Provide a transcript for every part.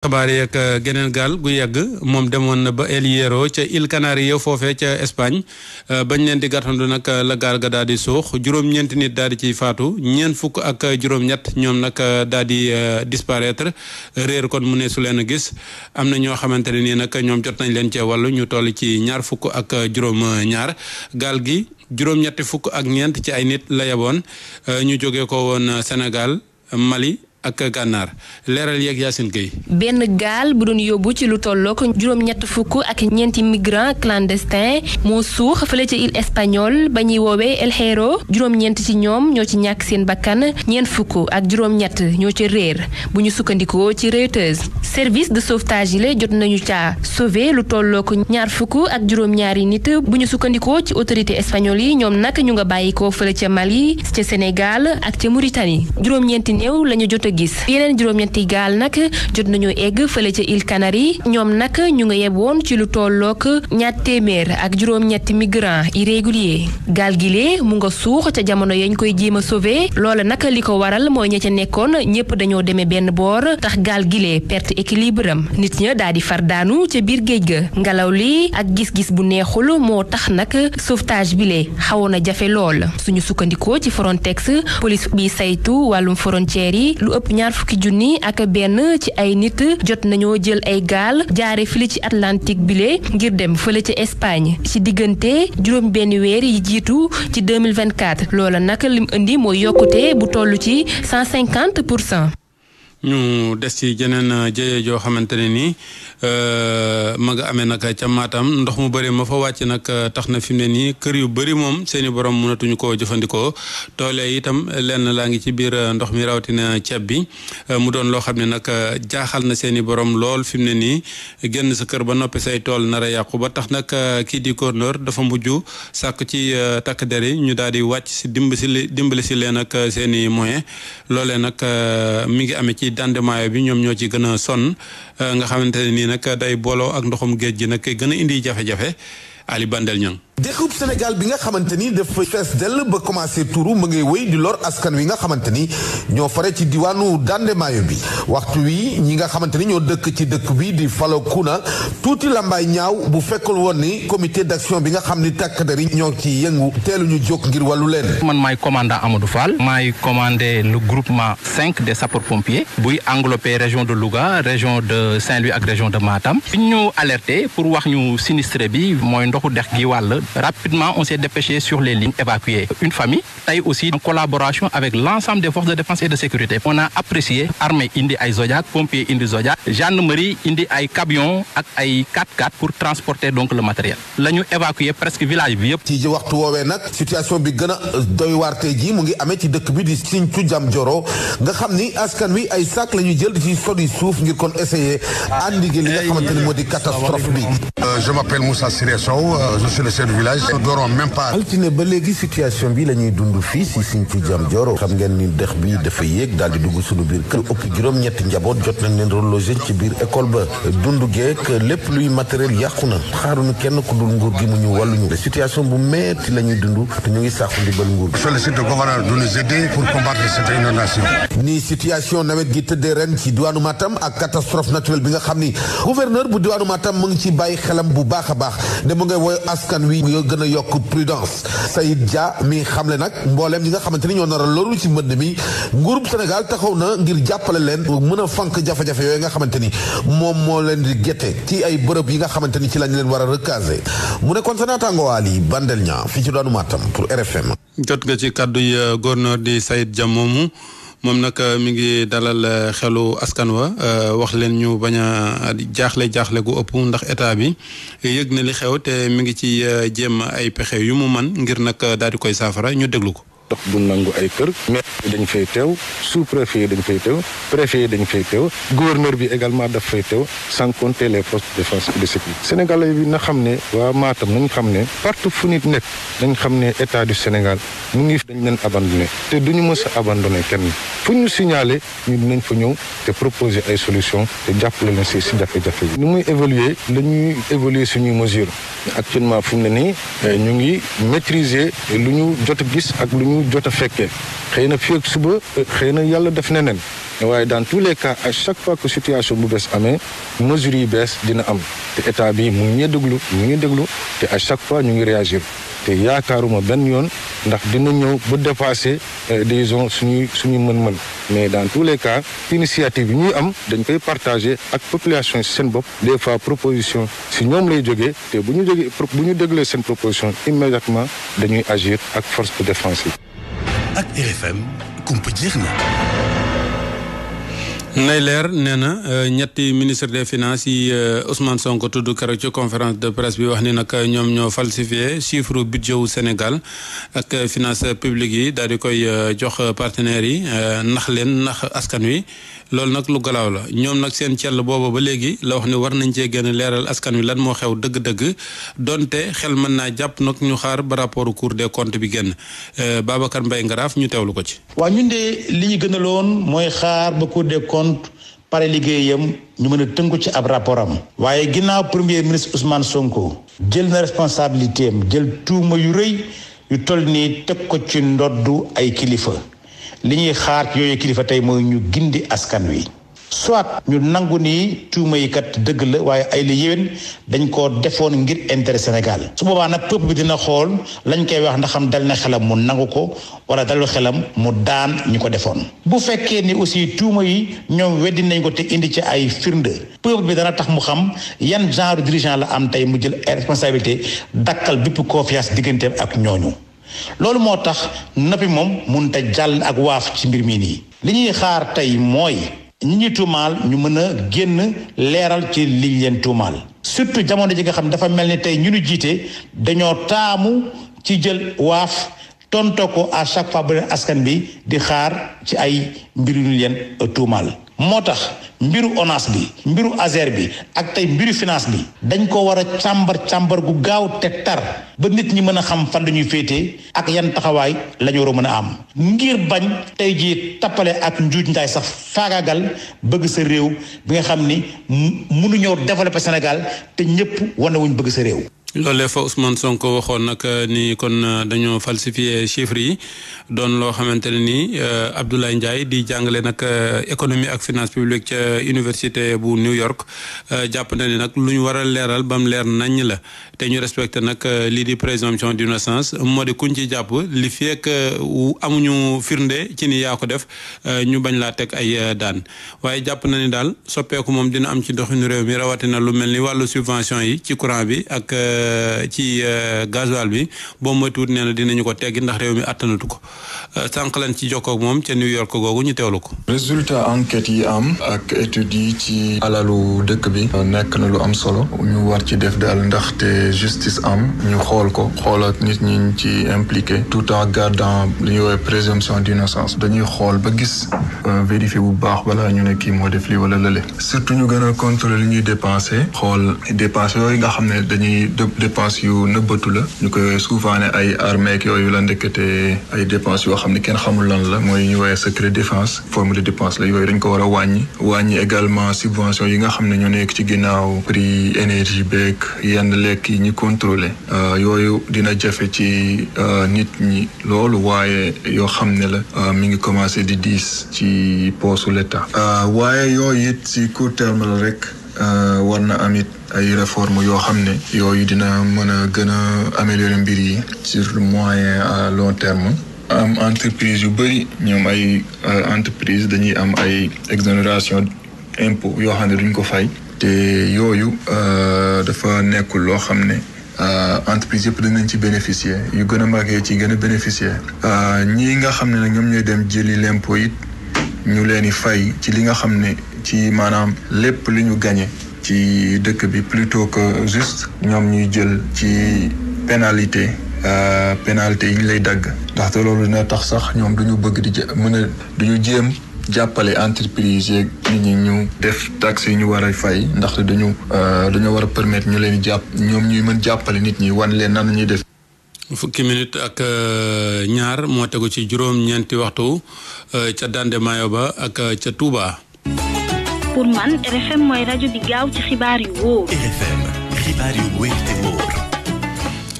xabaar yeeg euh, geneen gaal gu yàgg moom demoon na ba El Hierro ca île Canaria foofee ca Espagne euh, bañ leen di gàttandu nag euh, la gaal ga daal di suux juróom-ñeenti nit dal di ciy faatu ñeent fukk ak juróom ñoom nag daal di disparaître réer kon mu ne su leen a gis am na ñoo xamante ne nii nag ñoom jot nañ leen cee wàllu ñu toll ci ñaar fukk ak juróom-ñaar gaal gi juróom-ñetti fukk ak ñeent ci ay nit la yeboon ñu jógee ko woon Sénégal Mali. ak gànnaar leeral yeeg Yacine Gueye. benn gaal bu doon yóbbu ci lu tollook juróom-ñett fukk ak ñeenti migrants clandestins moo suux fële ca île espagnole ba ñuy woowee El Hierro juróom-ñeent ci ñoom ñoo ci ñàkk seen bakkan ñeent fukk ak juróom ñoo ci réer bu ñu sukkandikoo ci Reuters service de sauvetage yi la jot nañu caa sauver lu tollook ñaar fukk ak juróom-ñaari nit bu ñu sukkandikoo ci autorité espagnole yi ñoom nak ñu nga bàyyi ko fële ca Mali ca Sénégal ak ca Mauritanie juróom-ñeenti fa juróom-ñetti gaal nag jot nañu egg fële ca îles Canaries ñoom nag ñu nga yeb ci lu tollook ñaat téeméer ak juróom migrants irréguliers gaal gilee mu nga suux ca jamono ñu koy jéem a sauver loola nag li ko waral mooy ña ca nekkoon ñépp dañoo demee benn boor tax gaal gilee perte équilibre am nit ña daal di far daanu ca biir géej ga ngelaw li ak gis-gis bu neexul moo tax nag sauvetage bi xawoon a jafe lool suñu sukkandikoo ci Frontex police bi saytu wàllum frontière yi ñaar fukki junni ak benn ci ay nit jot nañoo jël ay gaal jaare file ci Atlantique bile ngir dem fële ci Espagne ci diggante juróom benn weer yi jiitu ci 2024 loola nag lim indi mooy yokkute bu toll ci 150 pour cent ñu des ci jeneen euh, jëye joo xamante ne nii euh, ma nga amee nag ca Matam ndox mu bëri moo fa wàcc nag euh, tax na fi mu ne nii kër yu bëri moom seen i borom mënatuñu ko jëfandikoo toole itam lenn laa ngi ci biir ndox mi rawatina ceeb bi mu doon loo xam ne nag jaaxal na seen i borom lool fi mu ne nii génn sa kër ba noppi say tool nar yàqu ba tax nag kii di gouverneur dafa mujj sàkk ci takk der ñu daal di wàcc si dimbali si dimbali si leen ak seen i moyen ngi ci dandemaayo bi ñoom ñoo ci gën a sonn nga xamante ne nii nag day booloo ak ndoxum géej gi nag gën a indi jafe-jafe Ali Bandel Niang découb Sénégal bi nga xamante ni dafa fees dell ba commencé turu mu ngay wéy di lor askan wi nga xamante ni ñoo fare ci diwaanu Dandemaayo bi waxtu wi ñi nga xamante ni ñoo dëkk ci dëkk bi di Falokuna tuuti lambaay ñaaw bu fekkul woon ni comité d'action bi nga xam ni tàkk dari ñoo ci yëngu teelu ñu jóg ngir wàllu leen man maay commandant Amadou Fall maay commandé le groupement 5 des sapeurs buy englobé région de luga région de Saint-Louis ak de Matam ndoxu dex gi wàll rapidement on s'est dépêché sur les lignes évacuées une famille tey aussi collaboration avec l'ensemble des forces de défense et de sécurité on a apprécié armée indi ay Zodiac pompier indi Zodiac gendarmerie indi ay camion ak ay 4 x pour transporter donc le matériel la ñu presque village bi yëpp ci waxtu woowee nag situation bi gën a doy waar jii mu ngi amee ci dëkk bi di Sinthiou Diamniadio nga xam ni askan wi ay sac la taxaw euh, je suis le chef du village. nous dorons même pas. altine ba léegi situation bi la ñuy dund fii si Sinthiou Diamniadio xam ngeen ni dex bi dafa yéeg daal di dugg suñu biir kër ëpp juróom-ñetti njaboot jot nañ leen relogé ci biir école ba dund geek lépp luy matériel yàqu na xaaruñu kenn ku dul nguur gi mu ñu wàlluñu situation bu metti la ñuy dund te ñu ngi sàkku ndimbal nguur gi. félicite le gouverneur de nous aider situation nawet gi tëddee ren ci diwaanu Matam ak catastrophe naturelle bi nga xam ni gouverneur bu diwaanu Matam mu ngi ci bàyyi xelam bu baax a nga woy askan wi nga gën a yokk prudence Sayid Dia mi xamle nag mboolem ñi nga xamante ni ñoo nar a loru ci mbënd mi nguurub Sénégal taxaw na ngir jàppale leen mën a fank jafe-jafe yooyu nga xamante ni moom moo leen di gette ci ay bërëb yi nga xamante ni ci lañ leen war a recaser mu ne kon sa naataango Waly Bandel ñaa fii ci doonu Matam pour RFM jot nga ci kàddu yi euh, gouverneur di Sayid Dia moomu moom nag euh, mi ngi dalal euh, xelu askan wa euh, wax leen ñu bañ a jaaxle jaaxle gu ëpp ndax état bi yëg na li xew te mi ngi ci jéem ay pexe yu mu man ngir nag daal di koy saafara ñu déglu ko. tax du nangu ay kër mais dañ fay yi dañ fay teew préfet yi dañ fay teew gouverneur bi également daf fay teew sans compter les postes de défense et de bi na xam ne waa Matam nañ xam ne partout fu nit nekk nañ xam ne état du Sénégal mu ngi dañ leen abandonné te duñu mës a abandonné kenn fu ñu signalé ñu nañ fa ñëw te proposer ay solution te jàppale leen si si jafe-jafe yi nu muy évoluer la ñuy évoluer suñuy mesure actuellement fu mu ne nii eh, ñu ngi maîtriser lu ñu jot gis ak lu ñu ñu jot a fekkee xëy na fii ak suba xëy na yàlla def na neneen waaye dans tous les cas a chaque fois que situation bu bees amee mesures yi bees dina am te état bi mu ngi déglu mu ngi déglu te à chaque fois ñu ngi réagir te yaakaaruma benn yoon ndax dina ñëw ba dépasser euh, disons suñuy suñu mën-mën mais dans tous les cas initiative yi ñuy am dañ koy partager ak population si seen bopp des fois proposition si ñoom lay jógee te bu ñu jógee bu ñu déglee seen proposition immédiatement dañuy agir ak ak RFM kumpa jeex na. nay leer nee na euh, ñetti ministre des finances yi euh, Ousmane Sonko tudd keroog ci conférence de presse bi wax ni nag ñoom ñoo falsifié chiffre budget wu Sénégal ak finance publique yi daal di koy euh, jox partenaires yi ndax leen ndax askan wi. loolu nag lu galaaw la ñoom nag seen cell booba ba léegi la wax ne war nañ cee gën a leeral askan wi lan moo xew dëgg-dëgg donte xel mën naa jàpp nag ñu xaar ba rapport Cour de comptes bi génn euh, Babacar mbay Ngaraaf ñu teewlu ko ci. waa ñu de li ñu gënaloon mooy xaar ba Cour des comptes pare liggéeyam ñu mën a tënku ci ab rapport am waaye ginnaaw premier ministre Ousmane Sonko jël na responsabilité am jël tuuma yu rëy yu toll nii teg ko ci ndoddu ay kilifa. li ñuy xaar ci yooyu kilifa tey mooy ñu gindi askan wi soit ñu nangu nii tuuma yi kat dëgg la waaye ay li yéwén dañ ko defoon ngir intérêt Sénégal su boobaa nag peuple bi dina xool lañ koy wax ndaxam xam dal na xelam mu nangu ko wala dalul xelam mu daan ñu ko defoon. bu fekkee ni aussi tuuma yi ñoom weddi nañ ko te indi ci ay firnde peuple bi dana tax mu xam yan genre dirigeant la am tey mu jël responsabilité dakkal bépp confiance digganteem ak ñooñu. loolu moo tax nappi moom mënut a jàll ak waaf ci mbir mii nii li ñuy xaar tey mooy ñi ñuy tuumaal ñu mën a génn leeral ci liñ leen tuumaal surtout jamono ji nga xam dafa mel ni tey ñu nu jiite dañoo taamu ci jël waaf tonto ko à chaque fois askan bi di xaar ci ay mbir yu ñu leen tuumaal moo tax mbiru ONAS bi mbiru ASER bi ak tey mbiru finance bi dañ ko war a càmbar càmbar gu gaaw te tar ba nit ñi mën a xam fan la ñuy féetee ak yan taxawaay lañu ñu war a mën a am ngir bañ tey jii tappale ak njuuj njaay sax faagaagal bëgg sa réew bi nga xam ni mënuñoo développer Sénégal te ñëpp wane wuñ bëgg sa réew. loolee fa Ousmane Sonko waxoon nag euh, ni kon euh, dañoo falsifié chiffres yi doon loo xamante ne ni euh, Abdoulaye Ndiaye di jàngale nag économie ak finance publique ca université bu New York jàpp na ni nag lu ñu war a leeral ba mu leer nañ la te ñu respecté nag lii di présomption d'innocence moo di kuñ ci jàpp li fekk amuñu firnde ci ni yaa ko def ñu bañ laa teg ay daan waaye jàpp na daal soppeeku moom dina am ci doxinu réew mi rawatina lu mel ni wàllu subvention yi ci courant bi Euh, ci euh, gasoil bi boo moytuwut nee na dinañu ko teggi ndax réew mi attanatu ko euh, sànq lañ ci jokkoog moom ca New York googu ñu teewlu ko. résultat enquête yi am ak études yi ci alalu dëkk bi nekk na lu am solo ñu war ci def daal te justice am ñu xool ko xoolaat nit ñi ci impliqué tout en gardant li ñuy woowee présomption d'innocence dañuy xool ba gis vérifier bu baax balaa ñu ne kii moo def lii wala lële surtout ñu gën a ñuy dépensé xool dépense yooyu nga dépence yu nëbbatu la ñu koy souvent ne ay armée ak yooyu la ndekkatee ay dépense yoo xam ne kenn xamul lan la mooy ñu woowee secret défense forme de la yooyu dañ ko war a wàññi wàññi également subvention yi nga xam ne ñoo nekk ci ginnaaw prix énergie beeg yenn lekk yi ñu contrôler euh, yooyu dina jafe ci euh, nit ñi loolu waaye yoo xam ne la euh, mi ngi commencé di diis ci poosu l'état waaye yooyu it ci court terme la rek Euh, war na am it ay réformes yoo xam ne yooyu dina mën a gën a améliorer mbir yi sur le moyen à long terme am entreprise yu bëri ñoom ay euh, entreprise dañuy am ay exonération impôt yoo xam ne duñ ko fay te yooyu euh, dafa nekkul loo xam ne entreprise yëpp nañ ci bénéficier yu gën a màggee ci gën a bénéficier ñii nga xam ne nag ñoom ñooy dem jëli l'impôt it ñu leen di fay ci li nga xam ne ci maanaam lépp li ñu gagné ci dëkk bi plutôt k juste ñoom ñuy jël ci pénalité euh, pénalité yi ñu lay dagg ndaxte loolu dina tax sax ñoom duñu bëgg di mën a duñu jéem jàppale entreprise yeeg ñu def taxe yi ñu war a fay ndaxte dañu euh, dañoo war a permettre ñu leen jàpp ñoom ñuy mën jàppale nit ñi wan leen nan la ñuy def. fukki minute ak euh, ñaar moo tegu ci juróom-ñeenti waxtu ca Dande Mayo ba ak ca Touba. pour man RFM mooy rajo bi gaaw ci xibaar yu wóor. RFM xibaar yu wóor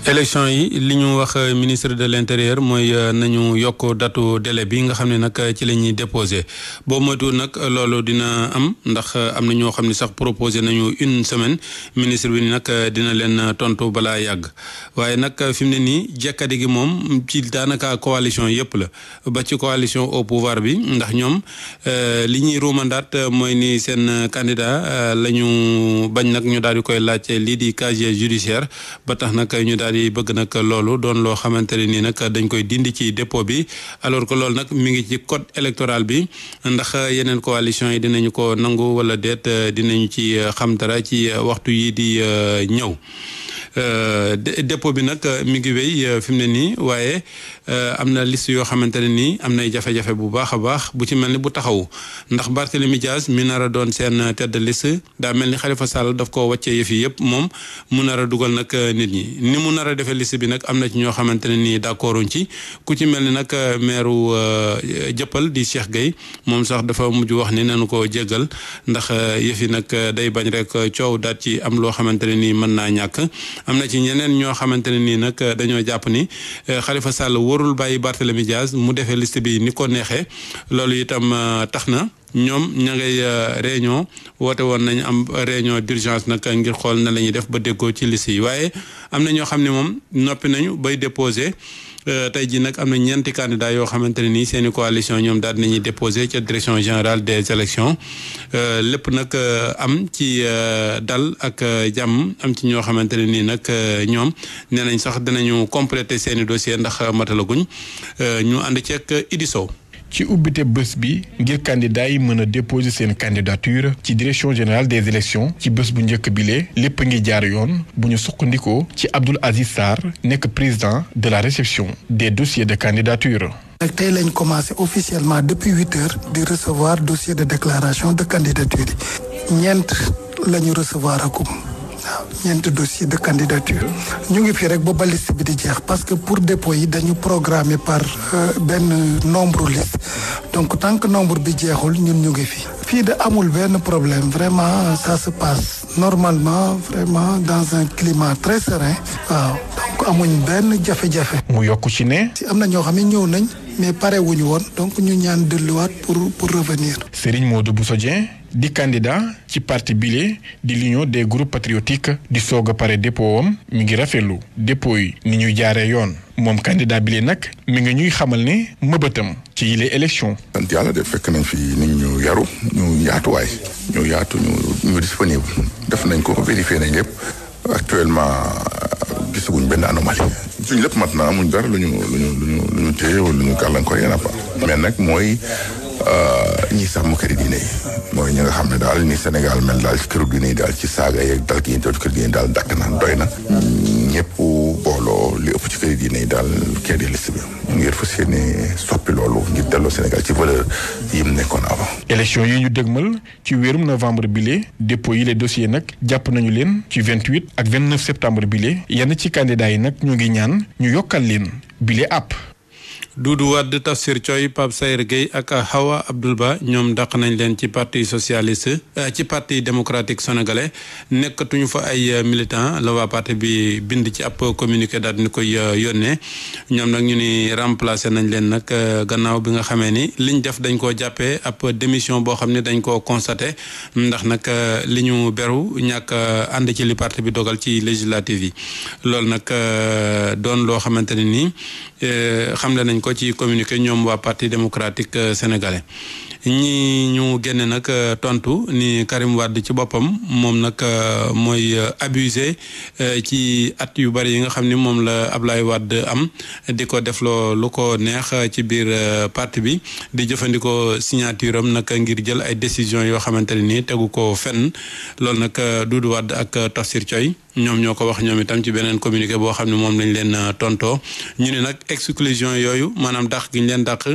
élection yi li ñu wax euh, ministre de l' intérieur mooy euh, nañu yokk datu délai bi nga xam ne nag ci la ñuy déposé boo moytuwul nag loolu dina am ndax euh, am na ñoo xam ne sax proposé nañu une semaine ministre bi nag dina leen tontu balaa yàgg waaye nag fi mu ne nii jekkadi gi moom ci daanaka coalition yëpp la ba ci coalition au pouvoir bi ndax ñoom li ñuy ruumandaat mooy ni seen candidat la ñu bañ nag ñu daal di koy laaj lii di casier judiciaire ba tax nag ñu daal di bëgg nag loolu doon loo xamante ne nii nag dañ koy dindi ci dépôt bi alors que loolu nag mu ngi ci code électoral bi ndax yeneen coalition yi dinañu ko nangu wala deet dinañu ci euh, xam dara ci euh, waxtu yi di euh, ñëw dépôt bi nag mi ngi wéy fi mu ne nii waaye. Euh, am na liste yoo xamante ne nii am nay jafe-jafe bu baax a baax bu ci mel ni bu taxaw ndax Barthélemy Dias mi nar a doon seen euh, tedd de daa mel ni xalifa Sall daf koo wàccee yëf yëpp moom mu nar a dugal nag euh, nit ñi ni mu nar a defee liste bi nag am na ci ñoo xamante ne nii d'accorduñ ci ku ci mel ni nag meeru jëppal di Cheikh Gueye moom sax dafa mujj wax ni nañu ko jéggal ndax yëf yi nag day bañ rek coow daal ci am loo xamante ne nii mën naa ñàkk am na ci ñeneen ñoo xamante ne nii nag dañoo jàpp ni Khalifa Sall wóor warul bàyyi Barthélemy Diaz mu defee liste bi ni ko neexee loolu itam euh, tax na ñoom ña ngay euh, woote woon nañu am réunion d'urgence nag ngir xool na la ñuy def ba déggoo ci liste yi waaye am na ñoo xam ne moom noppi nañu bay déposé. Euh, tey ji nag am na ñeenti candidats yoo xamante ne nii seen i coalition ñoom daal nañu déposé ca direction générale des élections euh, lépp nag euh, am ci dal ak jàmm am ci ñoo xamante ne nii nag ñoom nee nañ sax dinañu complété seen i dossier ndax matalaguñ ñu ànd ceeg Idi Sow ci ubbite bés bi ngir candidat mën a déposer seen candidature ci direction générale des élections ci bés bu njëkk bilee lépp ngi jaar yoon bu ñu suqandikoo ci Abdoul Aziz Sarr nekk président de la réception des dossiers de candidature. nag tey lañ commencé officiellement depuis huit heures di recevoir dossier de déclaration de candidature yi ñeent lañu recevoir akum ñeenti dossier de candidature ñu ngi fii rek ba liste bi di jeex parce que pour dépôt yi dañu programmer par euh, benn nombre liste donc tant que nombre bi jeexul ñun ñu ngi fi. fii de amul benn problème vraiment ça se passe normalement vraiment dans un climat très serein waaw donc amuñ benn jafe-jafe. mu yokk ci ne. am na ñoo xam ne ñëw nañ mais pare wuñu woon donc ñu ñaan delluwaat pour pour revenir. Serigne Modou Bousso Dieng di candidat ci parti bile di l'union des groupe patriotiques di soog a pare dépôt am mi ngi rafetlu dépôt yi ni ñuy jaaree yoon moom candidat bile nag mi ngi ñuy xamal ne mëbëtam ci yile élection. sant yàlla de fekk nañ fi nit ñu yaru ñu yaatuwaay ñu yaatu ñu ñu def nañ ko vérifié nañ lépp actuellement gisaguñ benn anomalie. suñ lépp maintenant amuñ dara lu ñu lu ñu lu ñu lu ñu téye wala lu ñu gàllankoor yenn part mais nag mooy ñi sàmm kër diine yi mooy ñu nga xam ne daal ni Sénégal mel daal ci këru gi nii daal ci saaga yeeg dal gi dootu kër gi nii daal dakk na doy na ñëpp booloo li ëpp ci kër gi nii daal kee di liste bi ngir fas loolu ngir delloo Sénégal ci valeur mu nekkoon avant. élection yi ñu dëgmal ci wéerum novembre bile dépôt yi les dossiers nag jàpp nañu leen ci vingt huit ak vingt neuf septembre bile yenn ci candidat yi nag ñoo ngi ñaan ñu yokkal leen bile àpp. Doudou Wade Tafsir Coy Pape Sayer Gueye ak Hawa Abdoul Ba ñoom daq nañ leen ci parti socialist euh, ci parti démocratique sénégalais nekkatuñu fa ay euh, militant la waa parti bi bind ci ap communiqué daal di koy euh, yónnee ñoom nag ñu ni remplacé nañ leen nag gannaaw bi nga xamee ni liñ def dañ koo jàppee ap démission boo xam ne dañ koo constaté ndax nag li ñu beru ñàkk ànd ci li parti bi dogal ci législative yi loolu nag doon loo xamante ne nii xam nañ ko. ci communiqué ñoom waa parti démocratique euh, sénégalais ñi ñu génne nag euh, tontu ni Karim Wade ci boppam moom nag euh, mooy euh, abusé ci at yu bari yi nga xam ni moom la Ablaye Wade am di ko defloo lu ko neex ci biir parti bi di jëfandikoo signature am nag ngir jël ay décision yoo xamante ne nii tegu ko fenn loolu nag Doudou wadd ak Tafsir Thioye ñoom ñoo ko wax ñoom itam ci beneen communiqué boo xam ne moom lañ leen tontoo ñu ne nag exclusion yooyu maanaam dàq gi leen dàq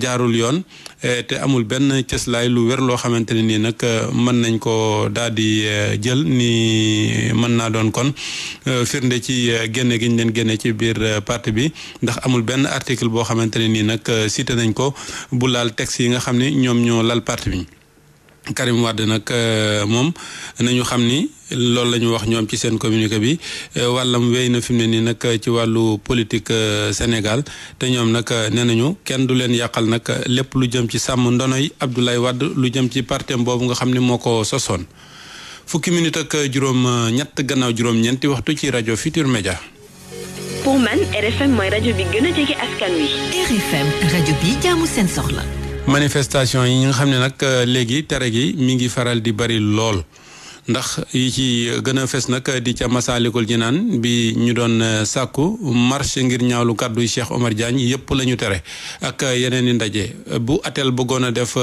jaarul yoon Eh, te amul benn cëslaay lu wér loo xamante ne nii nag eh, mën nañ ko daal di eh, jël ni mën naa doon kon firnde ci génne gi ñu leen génne ci biir parti bi ndax amul benn article boo xamante ne nii nag cité nañ ko bu laal texte yi nga xam ne ñoom ñoo lal parti bi. Karim Wade nag euh, moom nañu xam ni loolu la ñu wax ñoom ci seen communiqué bi euh, wàllam wey na fi mu ne nii nag ci wàllu politique euh, Sénégal te ñoom nag nee nañu kenn du leen yàqal nag lépp lu jëm ci sàmm ndonoy Abdoulaye wàdd lu jëm ci partem boobu nga xam ni moo ko sosoon fukki minute ak juróom ñett gannaaw juróom-ñeenti waxtu ci rajo Futur Média. manifestation yi nga xam ne nag euh, léegi tere gi mi ngi faral di bari lool ndax yi ci gën fes nag di ca masaalikul naan bi ñu doon euh, sàkku marche ngir ñaawlu kàddu Cheikh Omar Diagne yëpp lañu tere ak euh, yeneen i ndaje bu atel bëggoon a def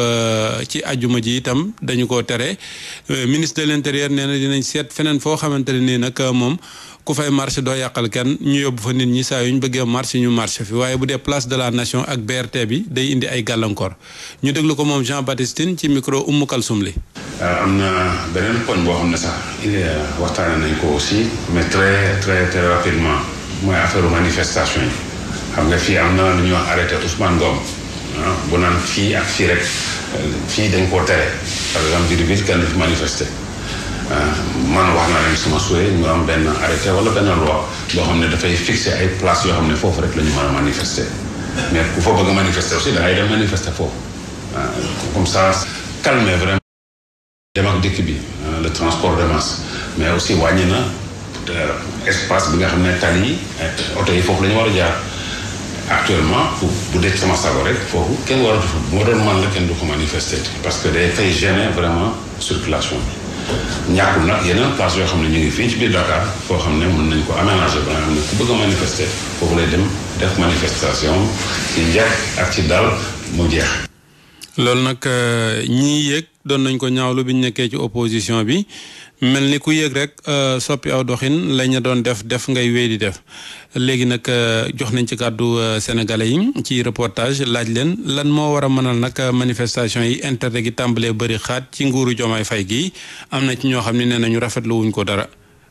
ci ajuma ji itam dañu ko tere ministre de l'intérieur nee na dinañ seet feneen foo xamante ne nii nag moom ku fay marché doo yàqal kenn ñu yóbbu fa nit ñi saa yu ñu bëggee marché ñu marché fi waaye bu dee place de la nation ak BRT bi day indi ay gàllankoor ñu déglu ko moom Jean Baptiste Tine ci micro Oumou Kalsoum li euh, am na beneen poñ boo xam ne sax euh, waxtaanee nañ ko aussi mais très très rapidement mooy affaire manifestation yi xam nga fii am na lu ñuy wax arrêté Ousmane Ngom ah, bu naan fii ak fii rek euh, fii dañ ko tere par exemple jur bi kenn fi manifester. Euh, man wax naa leen sama souhait ñu am benn arrêté wala benn loi boo xam ne dafay fixer ay place yoo xam ne foofu rek la ñu mën a mais ku fa bëgg a manifester aussi da dem manifester foofu euh, comme ça calmer vraiment dem ak dëkk bi euh, le transport de masse mais aussi wàññi na espace bi nga xam ne tali yi oto yi foofu la ñu war a jaar actuellement bu dee sama sago rek foofu kenn waratu fa moo doon man la kenn du ko manifester parce que day fay gêner vraiment circulation ñàkkul nag yeneen place yoo xam ne ñu ngi fii ci biir Dakar foo xam ne mun nañ ko aménager ba nga xam ne ku bëgg manifester foofu lay dem def manifestation ci njëkk ak ci dal mu jeex. loolu nag euh, ñii yéeg doon nañ ko ñaawlu bi ñu nekkee ci opposition bi. mel ni ku yéeg rek euh, soppi aw doxin la doon def def ngay wéy di def léegi nag euh, jox nañ ci kàddu euh, sénégalais yi ci reportage laaj leen lan moo war a mënal nag manifestation yi intérêt gi tàmbalee bëri xaat ci nguuru jomaay fay gi am na ci ñoo xam ne nee nañu rafetlu wuñ ko dara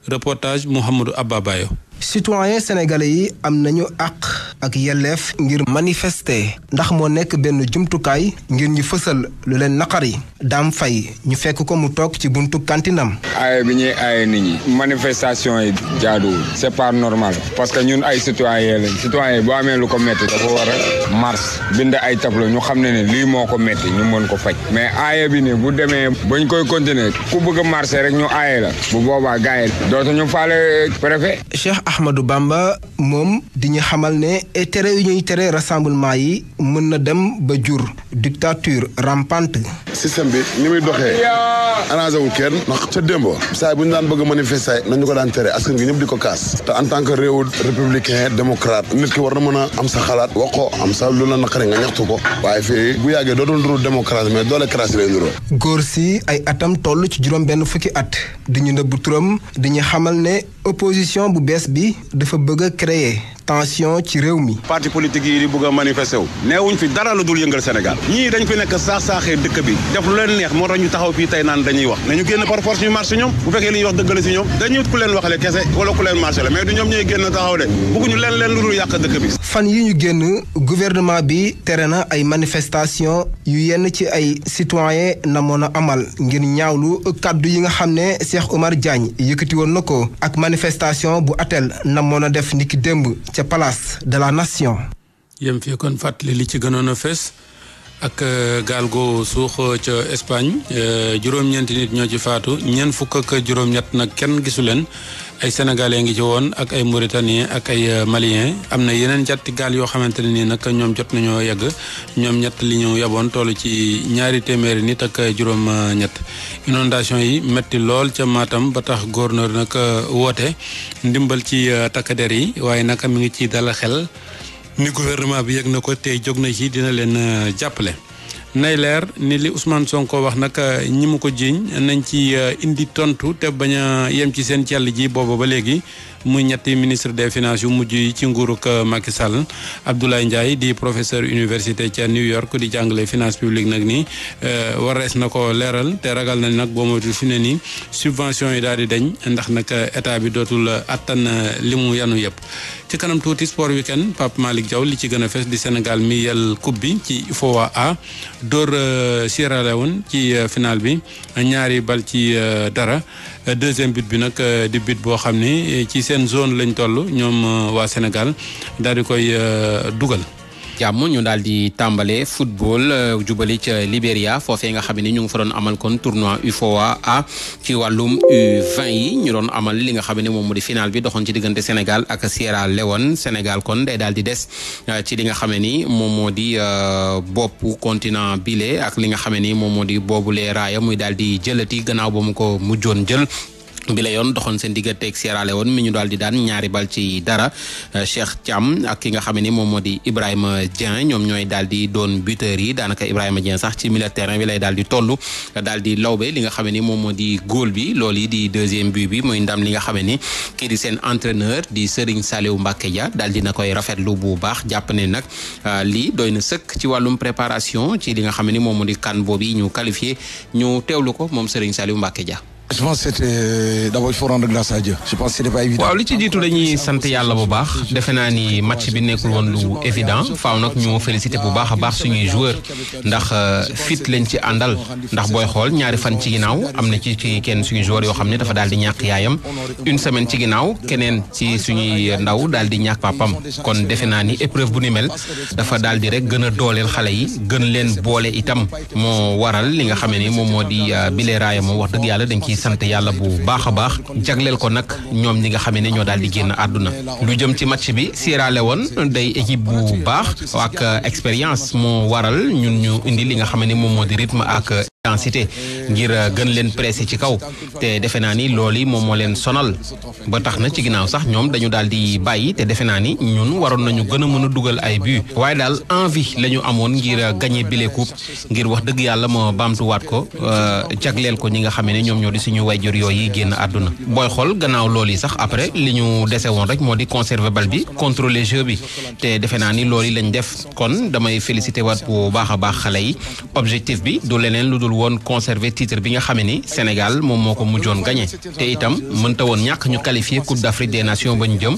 reportage Mouhamadou Abba Bayo citoyen sénégalais yi am nañu àq ak yelleef ngir manifester ndax moo nekk benn jumtukaay ngir ñu fësal lu leen naqari daam fay ñu fekk ko mu toog ci buntu kantinam aaye bi ñuy aaye nit ñi manifestation yi jaaduwul c'est pas normal parce que ñun ay citoyen lañ citoyen boo amee lu ko metti dafa war a mars bind ay tableau ñu xam ne ne lii moo ko metti ñu mën ko faj mais aaye bi ne bu demee ñu koy continuer ku bëgg a marché rek ñu aaye la bu boobaa gars yi Ahmadou Bamba moom di ñu xamal ne tere yu ñuy tere rassemblement yi mën na dem ba jur dictature rampante. système bi ni muy doxee. arrangé wul kenn. ndax ca démb. saa bu ñu daan bëgg a manifester nañu ko daan tere askan gi ñëpp di ko kaas. te en tant que réew républicain démocrate nit ki war na mën a am sa xalaat wax ko am sa lu la naqari nga ñaxtu ko. waaye fii bu yàggee dootul nuru démocrate mais doole crasse lay nuru. góor si ay atam toll ci juróom benn fukki at di ñu nëbb turam di ñu xamal ne opposition bu bees bi cree tension ci réew mi. parti politique yi di bëgg a manifester wu. neewuñ fi dara lu dul yëngal Sénégal. ñii dañ fi nekk saax saaxee dëkk bi def lu leen neex moo ñu taxaw fii tey naan dañuy wax. nañu génn par force ñu marché ñoom bu fekkee li ñuy wax dëgg la si ñoom dañuy wut ku leen waxale kese wala ku leen marché la mais du ñoom ñooy génn taxaw de bëgguñu leen leen lu dul yàq dëkk bi. fan yi ñu génn gouvernement bi tere na ay manifestation yu yenn ci ay citoyen namoon a amal ngir ñaawlu kàddu yi nga xam ne Cheikh Omar Diagne yëkkati woon na ko ak manifestation bu atel namoon a def niki démb ca Place de la Nation. yem fii kon fàttali li ci gënoon a fees. ak euh, gaal gu suux euh, ca Espagne euh, juróom-ñeenti nit ñoo ci faatu ñeent fukk ak juróom-ñett nag kenn gisu leen ay sénégalais ngi ci woon ak ay mauritanien ak ay malien am na yeneen jàtti gaal yoo xamante ne nii nag ñoom jot nañoo yegg ñoom ñett li ñu yaboon ci ñaari téeméeri nit ak juróom-ñett inondation yi metti lool ca maatam ba tax gouverneur nag woote ndimbal ci takk der yi waaye nag mi ngi ci dala xel. ni gouvernement bi yëg na ko tey jog na ci dina leen euh, jàppale. nay leer ni li Ousmane ko wax nag euh, ñi mu ko jiiñ nañ ci euh, indi tontu te bañ a yem ci seen cell ji booba ba léegi muy ñetti ministre des finances yu mujj yi ci nguuruk euh, Macky Sall Abdoulaye Ndiaye di professeur université ca New York di jàngale finance publique nag ni warees na ko leeral te ragal na nag boo moytu fi ne nii subvention yi daal di dañ ndax nag état bi dootul attan li mu yanu yëpp ci kanam tuuti sport weekend Pape Malick Diaw li ci gën a fes di Sénégal mi yel bi ci UFOA A dóor euh, Sierra Leone ci euh, final bi ñaari bal ci euh, dara deuxième but bi nag di but boo xam ni ci seen zone lañ toll ñoom waa Sénégal daal di koy dugal. jàmm ñu daal di tàmbale football euh, jubali ca Libéria foofee nga xam ne ñu ngi fa doon amal kon tournoi UFOA A ci wàllum U20 yi ñu doon amal li nga xam ne moom moo di final bi doxoon ci diggante senegal ak Sierra Leone Sénégal kon day daal di des euh, ci li nga xam ne ni moom moo di euh, boppu continent bile ak li nga xam ne ni moom moo di boobu lee raaya muy daal di jëlati gannaaw ba mu ko mujjoon jël. bi la yoon doxoon seen digganteeg Sierra Leone mi ñu daal di daan ñaari bal ci dara euh, Cheikh Thiam ak ki nga xam ni moom moo di Ibrahima Dieng ñoom ñooy daal di doon buteur yi daanaka Ibrahima Dieng sax ci milieu de bi lay daal di toll daal di lawbe li nga xam ni moom moo di góol bi lool yi di deuxième but bi mooy ndam li nga xam ni kii di seen entraîneur di Serigne Saliou Mbacké ja daal di na koy rafet lu bu baax jàpp ne nag euh, lii doy na sëkk ci wàllum préparation ci li nga xam ni moom moo di kan boobu ñu qualifié ñu teewlu ko moom Serigne Saliou Mbacké Dia. je pense c'était euh, d'abord il faut rendre grâce à Dieu. je pense waaw li ci jiitu dañuy sant yàlla bu baax defe naa ni match bi nekkul woon lu évident faaw nag ñu félicité bu baax a baax suñuy joueur ndax euh, fit lañ ci àndal ndax booy xool ñaari fan ci ginnaaw am na ci ci kenn suñuy joueur yoo xam ne dafa daal di ñàkk yaayam une semaine ci ginnaaw keneen ci suñuy ndaw daal di ñàkk papam kon defe naa ni épreuve bu ni mel dafa daal di rek gën a dooleel xale yi gën leen boole itam moo waral li nga xam ni moom moo di euh, bile raaya wax dëgg yàlla dañ sant yàlla bu baax a baax jagleel ko nag ñoom ñi nga xam ne ñoo daal di génn àdduna lu jëm ci match bi Sierra woon day équipe bu baax ak euh, expérience moo waral ñun ñu indi li nga xam ne moom moo di rythme ak densité ngir euh, gën leen pressé ci kaw te defe naa ni loolu yi moom moo leen sonal ba tax na ci ginnaaw sax ñoom dañu daal di bàyyi te defe naa ni ñun waroon nañu gën a mën a dugal ay but waaye daal envie la ñu amoon ngir euh, gañe bile coupe ngir wax dëgg yàlla ma baamtuwaat ko euh, jagleel ko ñi nga xam ne ñoom ñoo di suñu way jur yooyu yi génn àdduna. booy xool gannaaw lool yi sax après li ñu dese woon rek moo di conserver bal bi contrôler jeu bi te defe naa ni loolu yi lañ def kon damay félicité waat bu baax a baax xale woon conserver titre bi nga xamee ni Sénégal moom moo ko mujjoon gagné te itam mënta woon ñàkk ñu qualifié coupe d'Afrique des nations ba ñu jëm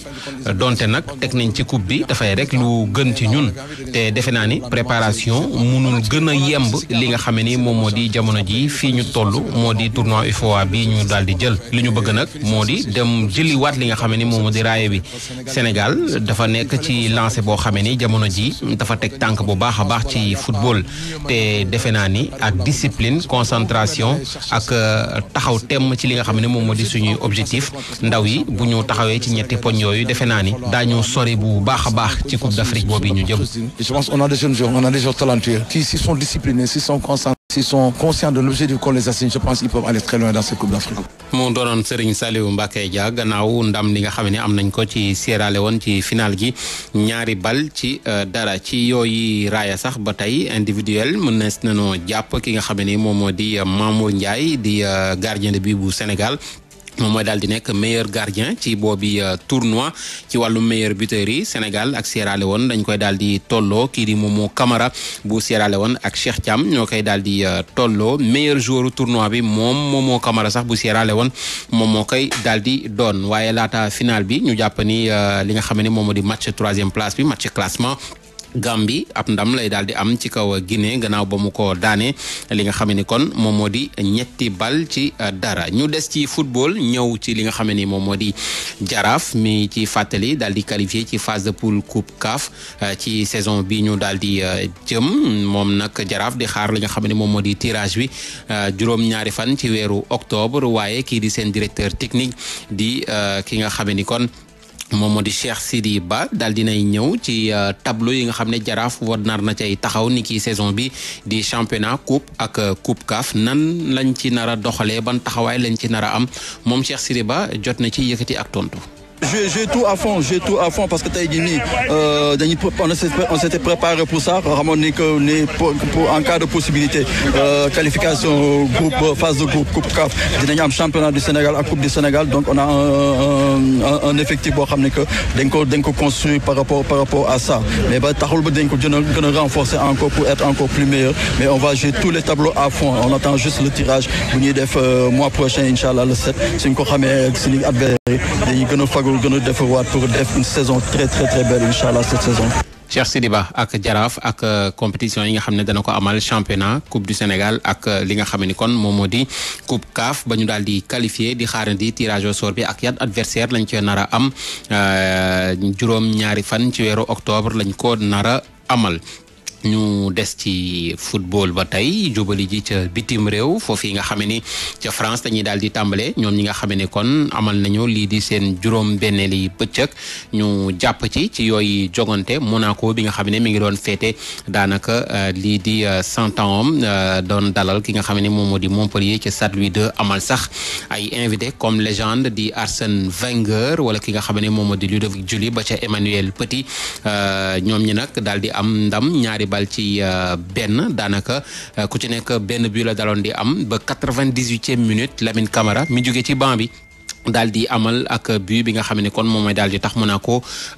donte nag teg nañ ci coupe bi dafay rek lu gën ci ñun te defe naa ni préparation mënul gën a yemb li nga xamee ni moom moo di jamono ji fii ñu toll moo di tournoi UFOA bi ñu daal di jël li ñu bëgg nag moo di dem jëliwaat li nga xamee ni moom moo di raaye bi Sénégal dafa nekk ci lancé boo xame ni jamono ji dafa teg tànk bu baax a baax discipline concentration ak euh, taxaw temm ci li nga xam ne moom moo di suñuy objectif ndaw yi bu ñu taxawee ci ñetti poñ yooyu defe naa ni daañu sori bu baax a baax ci Coupe d'Afrique boobu ñu jëm. Je pense qu'on S'ils sont conscients de l'objectif qu'on les assigne, je pense qu'ils peuvent aller très loin dans mu doonoon Serigne Saliou Mbacké Dia gannaaw ndam li nga xam ne am nañ ko ci Sierra woon ci final ji ñaari bal ci euh, dara ci yooyu raaya sax ba tey individuel mën nees nanoo jàpp ki nga xam ne moom moo di euh, Mamour Ndiaye di euh, gardien de but bu Sénégal. moom mooy daal di nekk meilleur gardien ci boobi euh, tournoi ci wàllu meilleur buteur yi Sénégal ak Sierra woon dañ koy daal di tolloo kii moom Momo Camara bu Sierra Leone ak Cheikh Thiam ñoo koy daal di euh, tolloo meilleur joueur tournoi bi moom moo Camara sax bu Sierra woon moom moo koy daal di doon waaye laata final bi ñu jàpp ni euh, li nga xam ne moom moo di match troisième place bi match classement. Gambie ab ndam lay daal di am ci kaw Guinée gannaaw ba mu ko daane li nga xam ni kon moom moo di ñetti bal ci euh, dara ñu des ci football ñëw ci li nga xam ni moom moo di jaraaf mi ci fàttali daal di qualifié ci phase de poule coupe CAF euh, ci saison bi ñu daal di euh, jëm moom nag jaraaf di xaar li nga xam ne moom moo di tirage bi juróom-ñaari fan ci weeru octobre waaye kii di seen directeur technique di ki nga xam ni kon. moom moo di Cheikh Sidi Ba daal dinay ñëw ci euh, tableau yi nga xam ne jaraaf war nar na cay taxaw ni ki saison bi di championnat coupe ak euh, coupe CAF nan lañ ci nar a doxalee ban taxawaay lañ ci nar a am moom Cheikh Sidi Ba jot na ci yëkkati ak tontu. j'ai tout à fond j'ai tout à fond parce que tey jii nii euh, dañuy on s'était préparé pour ça xamoon ni que ni pour en cas de possibilité euh, qualification groupe euh, phase de groupe coupe CAF dinañu am championnat du Sénégal ak coupe du Sénégal donc on a un un effectif boo xam ne que dañ ko dañ ko construit par rapport par rapport à ça mais ba taxul ba dañ ko gën a gën a renforcer encore pour être encore plus meilleur mais on va jouer tous les tableaux à fond on attend juste le tirage bu ñuy def mois prochain incha allah le 7 suñ ko xamee suñu adversaire dañuy gën a fago pour gën a defarwaat pour def une saison très très très belle incha allah cette saison. ak Jaraaf ak euh, compétition yi nga xam ne dana ko amal championnat coupe du Sénégal ak euh, li nga xam ni kon moom moo di coupe CAF ba ñu daal di qualifié di xaar di tirage au sort bi ak yan adversaire lañ ci nar a am euh, juróom ñaari fan ci weeru octobre lañ ko nar amal. ñu des ci football ba tey jubali ji ca bitim réew foofu yi nga xam ni ca France dañuy daal di tàmbalee ñoom ñi nga xame ne kon amal nañu lii di seen juróom-benneeli bëccëg ñu jàpp ci ci yooyu jogante Monaco bi nga xam ne mi ngi doon féete daanaka euh, lii di euh, cent ans euh, doon dalal ki nga xam ne moom moo di Montpellier ca Stade Louis II amal sax ay invité comme légende di Arsène Wenger wala ki nga xam ne moom moo di Ludovic Juli ba ca Emmanuel Petit ñoom ñi nag daal di am ndam ñaari. bal ci euh, benn daanaka euh, ku ci nekk benn bi la daloon di am ba quatre-vingt-dix-huitième minute Lamine Camara mi jóge ci banc bi. daal di amal ak but bi nga xam ne kon moom mooy daal di tax Monaco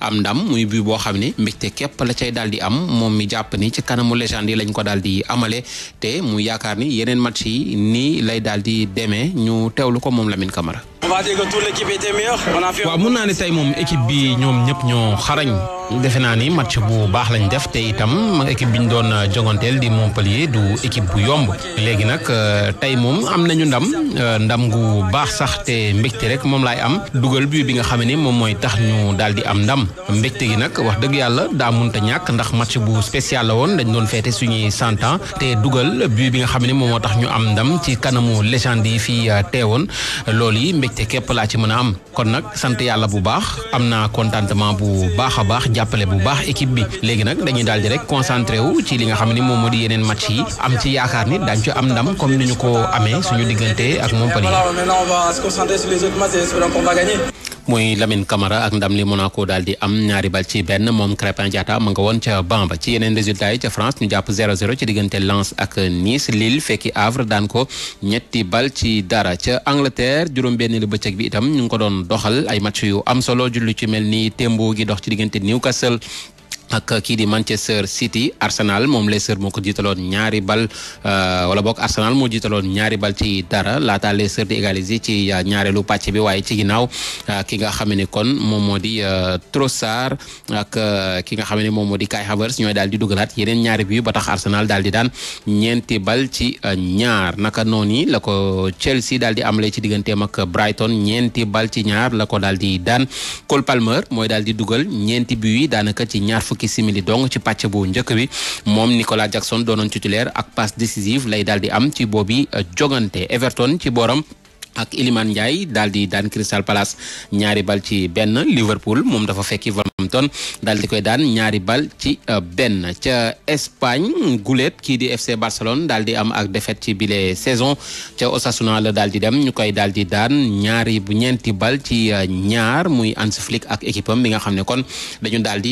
am ndam muy but boo xam ne mbégte képp la cay daal di am moom mi jàpp ni ci kanamu légende yi lañ ko daal di amale te mu yaakaar ni yeneen match yi nii lay daal di demee ñu teewlu ko moom lamin Camara. waaw mun naa ne tey moom équipe bi ñoom ñëpp ñoo xarañ. defe naa ni match bu baax lañ def te itam équipe bi ñu doon euh, jonganteel di Montpellier du équipe bu yomb léegi nag euh, tey moom am nañu ndam euh, ndam gu baax sax te mbégte rek moom laay am dugal bi bi nga xam ne moom mooy tax ñu daal di am ndam gi nag wax dëgg yàlla daa munta ñàkk ndax match bu spécial la woon dañ doon feete suñuy cent ans te dugal bi bi nga xam ne moom moo tax ñu am ndam ci kanamu légende yi fii teewoon loolu yi mbégte képp laa ci mën a am kon nag sant yàlla bu baax am naa contentement bu baax baax jàppale bu baax équipe bi léegi nag dañuy daal di rek concentré wu ci li nga xam ni moom moo di yeneen match yi am ci yaakaar ni daañu ci am ndam comme nu ñu ko amee suñu diggante ak Montpellier. muy Lamine Camara ak ndam li Monaco daal di am ñaari bal ci benn moom Crépin Diatta ma nga woon ca banc ba ci yeneen résultat yi ca France ñu jàpp 0-0 ci diggante Lens ak Nice Lille fekki Havre daan ko ñetti bal ci dara ca Angleterre juróom-benn lu bëccëg bi itam ñu ngi ko doon doxal ay match yu am solo jullu ci mel ni tembo gi dox ci diggante Newcastle ak kii di Manchester City Arsenal moom Leicester moo ko jiitaloon ñaari bal euh, wala boog Arsenal moo jiitaloon ñaari bal ci dara laata Leicester di égaliser ci euh, ñaareelu pàcc bi waaye ci ginnaaw euh, ki nga xam ni kon moom moo di Trossard ak ki nga xam ne moom moo di Kai Havertz ñooy daal di dugalaat yeneen ñaari bi ba tax Arsenal daal di daan ñeenti bal ci ñaar naka noonu la ko Chelsea daal di amale ci digganteem ak Brighton ñeenti bal ci ñaar la ko daal di daan Cole Palmer mooy daal di dugal ñeenti but yi daanaka ci ñaar fukki simili dong ci pàcc bu njëkk bi moom Nicolas Jackson doonoon titulaire ak passe décisive lay daal di am ci boobi euh, jogante Everton ci booram. ak Iliman Ndiaye daal di daan Crystal Palace ñaari bal ci benn Liverpool moom dafa fekki Wolverhampton daal di koy daan ñaari bal ci euh, benn ca Espagne gulet kii di FC Barcelone daal di am ak défaite ci bile saison ca Osasuna la daal di dem ñu koy daal di daan ñaari bu ñeenti bal ci euh, ñaar muy Hansi Flick ak équipe am bi nga xam ne kon dañu daal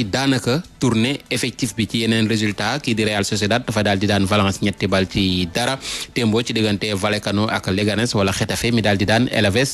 tourné effectif bi ci yeneen résultat kii di Real Sociedad fa daal di daan Valence ñetti bal ci dara Témbo ci diggante Vallecano ak Leganés wala Getafe mi daal di daan Alaves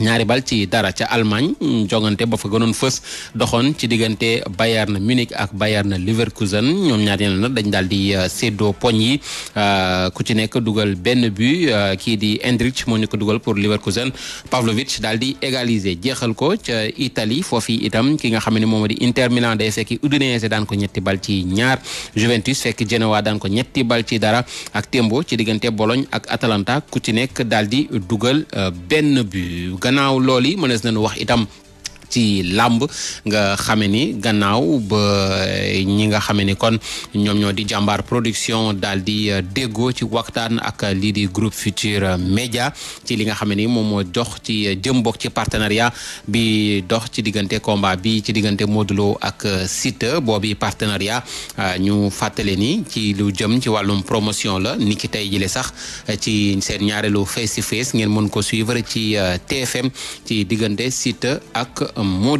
ñaari bal ci dara ca Allemagne jongante ba fa gënoon fës doxoon ci diggante Bayern Munich ak Bayern Leverkusen ñoom ñaar ñeneen nag dañ daal di euh, séddoo poñ yi euh, ku ci nekk dugal benn but euh, kii di Endrich moo ñu ko dugal pour Leverkusen Pavlovic daal di égaliser jeexal ko ca Italie foofii itam ki nga xam ne moom di Inter Milan day fekki Udinese daan ko ñetti bal ci ñaar Juventus fekk Genoa daan ko ñetti bal ci dara ak Tembo ci diggante Bologne ak Atalanta ku ci nekk daal di dugal benn but. gannaaw loolu yi mënees nañu wax itam ci làmb nga xame ni gannaaw ba ñi nga xame ni kon ñoom ñoo di jàmbaar production daal di euh, déggoo ci waxtaan ak lii di groupe future Média ci li nga xame ni moom moo jox ci euh, jëm bokk ci partenariat bi dox ci diggante combat bi ci diggante Modou Lo ak euh, Siteu boobi partenariat ñu fàttale ni ci lu jëm ci wàllum promotion la ni ki tey jile sax ci seen ñaareelu face to face ngeen mën ko suivre ci TFM ci diggante sita ak am Modou